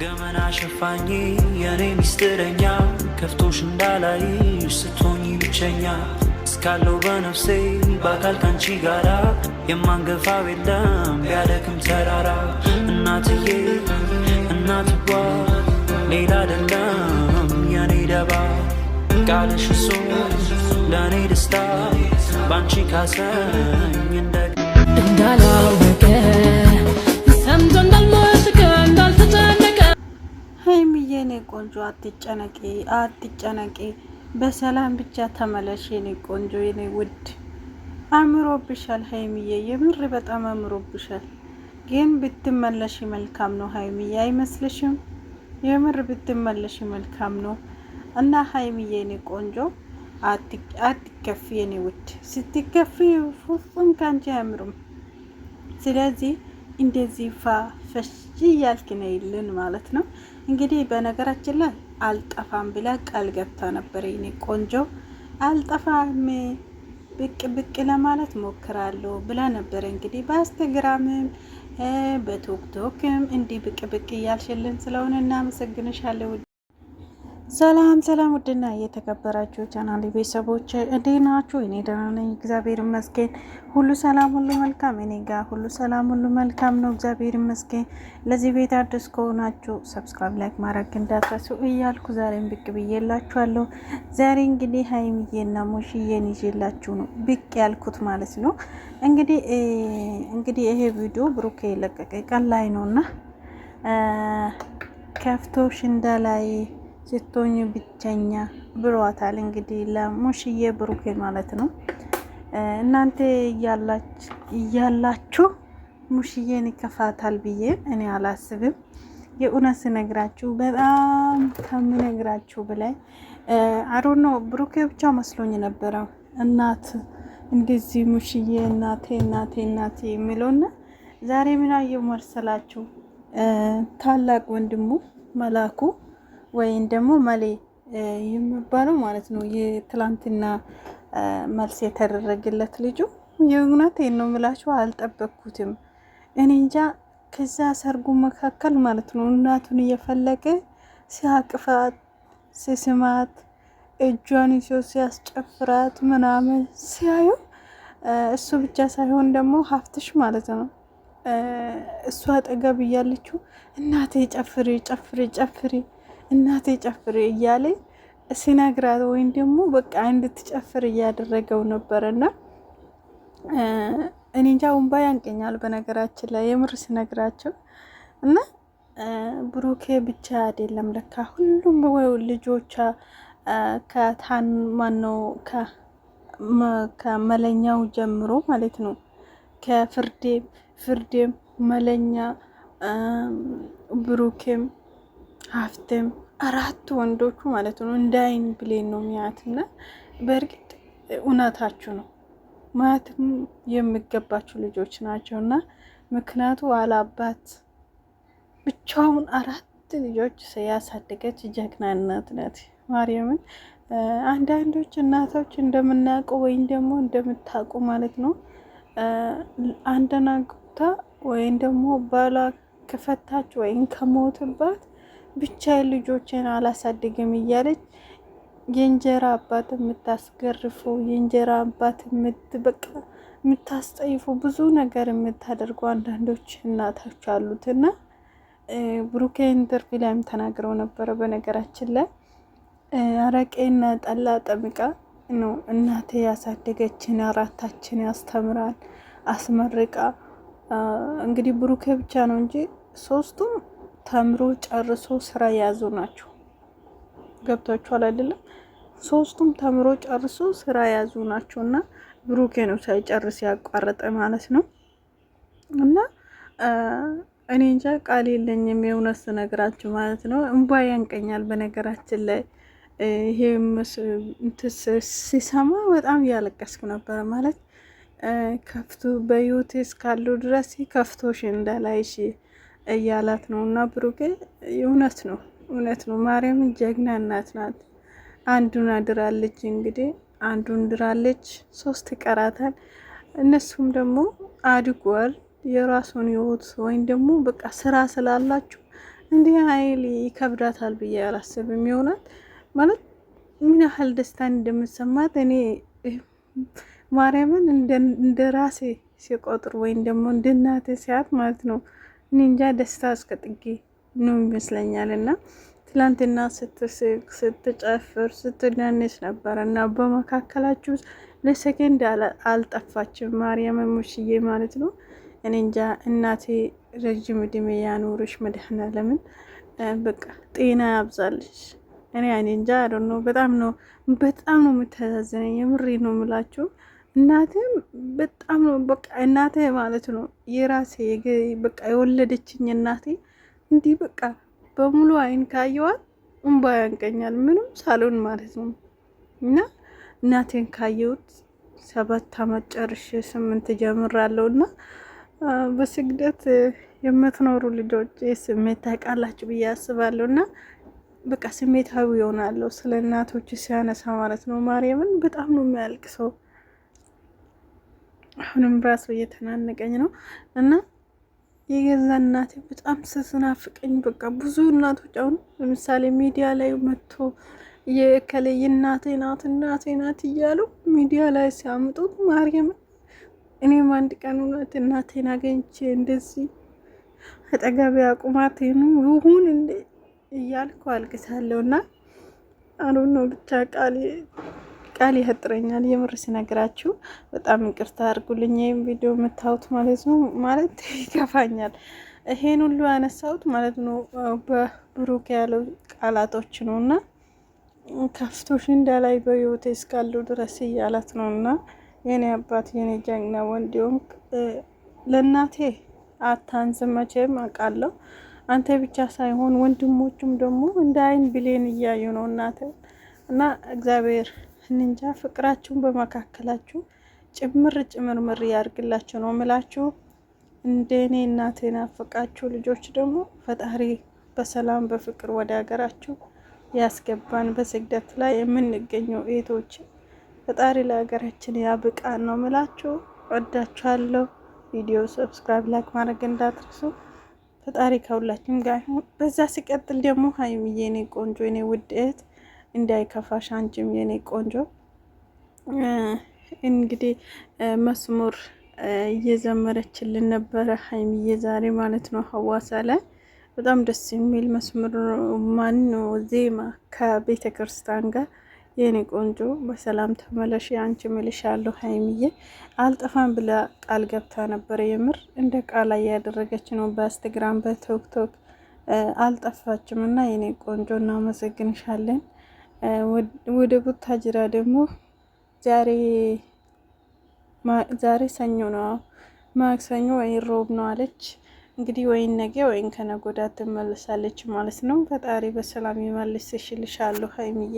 ገመና ሸፋኝ የኔ ሚስጥረኛ ከፍቶሽ እንዳላይ ስትሆኝ ብቸኛ እስካለው በነፍሴ በአካል ካንቺ ጋራ የማንገፋ የለም ቢያደክም ተራራ እናትዬ እናትዋ ሌላ አይደለም የኔ ደባ ቃልሽ እሱ ለእኔ ደስታ ባንቺ ካሰኝ እንደ እንዳላወቀ ሀይሚዬ የኔ ቆንጆ አትጨነቂ አትጨነቂ፣ በሰላም ብቻ ተመለሽ የኔ ቆንጆ የኔ ውድ። አምሮብሻል ሀይሚዬ፣ የምር በጣም አምሮብሻል። ግን ብትመለሽ መልካም ነው ሀይሚዬ፣ አይመስልሽም? የምር ብትመለሽ መልካም ነው። እና ሀይሚዬ የኔ ቆንጆ አትከፊ የኔ ውድ። ስትከፊ ፍጹም ከአንቺ አያምርም። ስለዚህ እንደዚህ ፋ ፈሽ እያልክ ነይልን ማለት ነው። እንግዲህ በነገራችን ላይ አልጠፋም ብላ ቃል ገብታ ነበር። ይኔ ቆንጆ አልጠፋም ብቅ ብቅ ለማለት ሞክራለሁ ብላ ነበር። እንግዲህ በኢንስታግራምም በቶክቶክም እንዲህ ብቅ ብቅ እያልሽልን ስለሆነ እናመሰግንሻለን። ሰላም ሰላም፣ ውድና እየተከበራችሁ ቻናል ቤተሰቦች እንዴት ናችሁ? እኔ ደህና ነኝ፣ እግዚአብሔር ይመስገን። ሁሉ ሰላም፣ ሁሉ መልካም። እኔ ጋ ሁሉ ሰላም፣ ሁሉ መልካም ነው፣ እግዚአብሔር ይመስገን። ለዚህ ቤት አዲስ ከሆናችሁ ሰብስክራይብ፣ ላይክ ማድረግ እንዳትረሱ እያልኩ ዛሬም ብቅ ብዬላችኋለሁ። ዛሬ እንግዲህ ሀይሚዬና ሙሽዬን ይዤላችሁ ነው ብቅ ያልኩት ማለት ነው። እንግዲህ እንግዲህ ይሄ ቪዲዮ ብሩኬ የለቀቀ ቀን ላይ ነው እና ከፍቶ ሽንዳ ላይ ስትሆኝ ብቸኛ ብሏታል። እንግዲህ ለሙሽዬ ብሩኬ ማለት ነው። እናንተ እያላችሁ ሙሽዬን ይከፋታል ብዬ እኔ አላስብም። የእውነት ስነግራችሁ በጣም ከምነግራችሁ በላይ አሮኖ ብሩኬ ብቻ መስሎኝ ነበረው እናት እንደዚህ ሙሽዬ እናቴ እናቴ እናቴ የሚለውና ዛሬ ምን አየሁ ታላቅ ወንድሙ መላኩ ወይም ደግሞ መሌ የሚባለው ማለት ነው የትላንትና መልስ የተደረገለት ልጁ የእውነት ነው ምላቸው አልጠበኩትም። እኔ እንጃ ከዛ ሰርጉ መካከል ማለት ነው እናቱን እየፈለገ ሲያቅፋት፣ ሲስማት፣ እጇን ይዞ ሲያስጨፍራት ምናምን ሲያዩ እሱ ብቻ ሳይሆን ደግሞ ሀፍትሽ ማለት ነው እሱ አጠገብ እያለችው እናቴ ጨፍሪ ጨፍሪ ጨፍሪ እናቴ ጨፍር እያለ ሲነግራት ወይም ደግሞ በቃ እንድትጨፍር እያደረገው ነበር እኔ እንጃ ውንባ ያንቀኛል በነገራችን ላይ የምር ሲነግራቸው እና ብሩኬ ብቻ አይደለም ለካ ሁሉም ልጆቿ ከታን ማነው ከመለኛው ጀምሮ ማለት ነው ከፍርዴም ፍርዴም መለኛ ብሩኬም ሀፍትም አራት ወንዶቹ ማለት ነው እንደ አይን ብሌን ነው ሚያት እና በእርግጥ እውነታችሁ ነው ማለትም የሚገባችሁ ልጆች ናቸው እና ምክንያቱ አላባት ብቻውን አራት ልጆች ያሳደገች ጀግና እናት ናት። ማርያምን አንዳንዶች እናቶች እንደምናውቀው ወይም ደግሞ እንደምታውቁ ማለት ነው አንደናግታ ወይም ደግሞ ባሏ ከፈታች ወይም ከሞትባት ብቻ ልጆችን አላሳድግም እያለች የእንጀራ አባት የምታስገርፉ የእንጀራ አባት የምትበቃ የምታስጠይፉ ብዙ ነገር የምታደርጉ አንዳንዶች እናታች አሉትና ብሩኬ ኢንተርቪ ላይም ተናግረው ነበረ። በነገራችን ላይ አረቄና ጠላ ጠምቃ ነው እናቴ ያሳደገችን አራታችን ያስተምራል አስመርቃ። እንግዲህ ብሩኬ ብቻ ነው እንጂ ሶስቱም ተምሮ ጨርሶ ስራ የያዙ ናቸው። ገብቷችኋል አይደለም? ሶስቱም ተምሮ ጨርሶ ስራ የያዙ ናቸው እና ብሩኬ ነው ሳይጨርስ ያቋረጠ ማለት ነው እና እኔ እንጃ ቃል የለኝም የእውነት ስነግራችሁ ማለት ነው። እንባ ያንቀኛል። በነገራችን ላይ ይሄ ሲሰማ በጣም እያለቀስኩ ነበረ ማለት ከፍቱ በህይወቴ እስካለሁ ድረስ ከፍቶሽ እንደላይሽ እያላት ነው። እና ብሩኬ እውነት ነው እውነት ነው። ማርያም ጀግና እናት ናት። አንዱን አድራለች እንግዲህ አንዱን ድራለች፣ ሶስት ይቀራታል። እነሱም ደግሞ አድጓል የራሱን ህይወት ወይም ደግሞ በቃ ስራ ስላላችሁ እንዲህ ሀይል ይከብዳታል ብዬ አላስብም። ይሆናል ማለት ምን ያህል ደስታን እንደምሰማት እኔ ማርያምን እንደ ራሴ ሲቆጥር ወይም ደግሞ እንደ እናቴ ሲያት ማለት ነው ኒንጃ ደስታ እስከ ጥጌ ነው ይመስለኛል። እና ትላንትና ስትስቅ ስትጨፍር ስትደንስ ነበር እና በመካከላችሁ ለሰከንድ አልጠፋችም። ማርያም ሙሽዬ ማለት ነው። እኔ እንጃ እናቴ ረዥም እድሜ ያኖርሽ መድህና ለምን በቃ ጤና ያብዛልሽ። እኔ እኔ እንጃ አዶ ነው በጣም ነው በጣም ነው የምታዛዝነኝ። የምሬ ነው የምላችሁ እናቴም በጣም ነው በቃ እናቴ ማለት ነው የራሴ በቃ የወለደችኝ እናቴ እንዲህ በቃ በሙሉ አይን ካየዋት እንባ ያንቀኛል። ምንም ሳሎን ማለት ነው እና እናቴን ካየሁት ሰባት አመት ጨርሼ ስምንት ጀምራለሁ እና በስግደት የምትኖሩ ልጆች ስሜት ታውቃላችሁ ብዬ አስባለሁ እና በቃ ስሜታዊ ይሆናለሁ ስለ እናቶች ሲያነሳ ማለት ነው። ማርያምን በጣም ነው የሚያልቅ ሰው አሁንም ራሱ እየተናነቀኝ ነው እና የገዛ እናቴ በጣም ስስናፍቀኝ በቃ ብዙ እናቶች አሁን ለምሳሌ ሚዲያ ላይ መጥቶ የከለ እናቴ ናት እናቴ ናት እያሉ ሚዲያ ላይ ሲያምጡት ማርያም እኔም አንድ ቀን እውነት እናቴን አገኝቼ እንደዚህ አጠገቤ አቁማት ይሁን እንዴ እያልኩ አልቅሳለሁ እና አሁን ነው ብቻ ቃሌ ቃል ያጥረኛል የምር ሲነግራችሁ በጣም ይቅርታ አድርጉልኝ። ይህም ቪዲዮ የምታዩት ማለት ነው ማለት ይከፋኛል። ይሄን ሁሉ ያነሳሁት ማለት ነው በብሩክ ያለው ቃላቶች ነው እና ከፍቶሽ እንዳላይ በህይወቴ እስካለው ድረስ እያላት ነው እና የኔ አባት የኔ ጀግና ወንድ ለእናቴ አታንስም መቼም አውቃለሁ። አንተ ብቻ ሳይሆን ወንድሞቹም ደግሞ እንደ አይን ብሌን እያዩ ነው እናተ እና እግዚአብሔር እንጃ ፍቅራችሁን በመካከላችሁ ጭምር ጭምር ምር ያርግላችሁ ነው ምላችሁ። እንደ እኔ እናት የናፈቃችሁ ልጆች ደግሞ ፈጣሪ በሰላም በፍቅር ወደ ሀገራችሁ ያስገባን። በስግደት ላይ የምንገኘው እህቶች ፈጣሪ ለሀገራችን ያብቃን ነው ምላችሁ። ወዳችኋለሁ። ቪዲዮ ሰብስክራይብ፣ ላይክ ማድረግ እንዳትርሱ። ፈጣሪ ከሁላችን ጋር ይሁን። በዛ ሲቀጥል ደግሞ ሀይሚዬ የኔ ቆንጆ የኔ ውድ እህት እንዳይከፋሽ አንቺም የኔ ቆንጆ። እንግዲህ መስሙር እየዘመረችልን ነበረ ሀይሚዬ ዛሬ ማለት ነው ሀዋሳ ላይ በጣም ደስ የሚል መዝሙር ማን ነው ዜማ ከቤተ ክርስቲያን ጋር የኔ ቆንጆ በሰላም ተመለሽ፣ አንቺ እልሻለሁ ሀይሚዬ አልጠፋም ብላ ቃል ገብታ ነበረ። የምር እንደ ቃል እያደረገች ነው። በኢንስታግራም በቲክቶክ አልጠፋችም እና የኔ ቆንጆ እናመሰግንሻለን። ወደ ቡታጅራ ደግሞ ዛሬ ሰኞ ነው፣ ማክሰኞ ወይ ሮብ ነው አለች። እንግዲህ ወይን ነገ ወይን ከነጎዳ ትመለሳለች ማለት ነው። ፈጣሪ በሰላም ይመልስሽ እልሻለሁ ሀይሚዬ።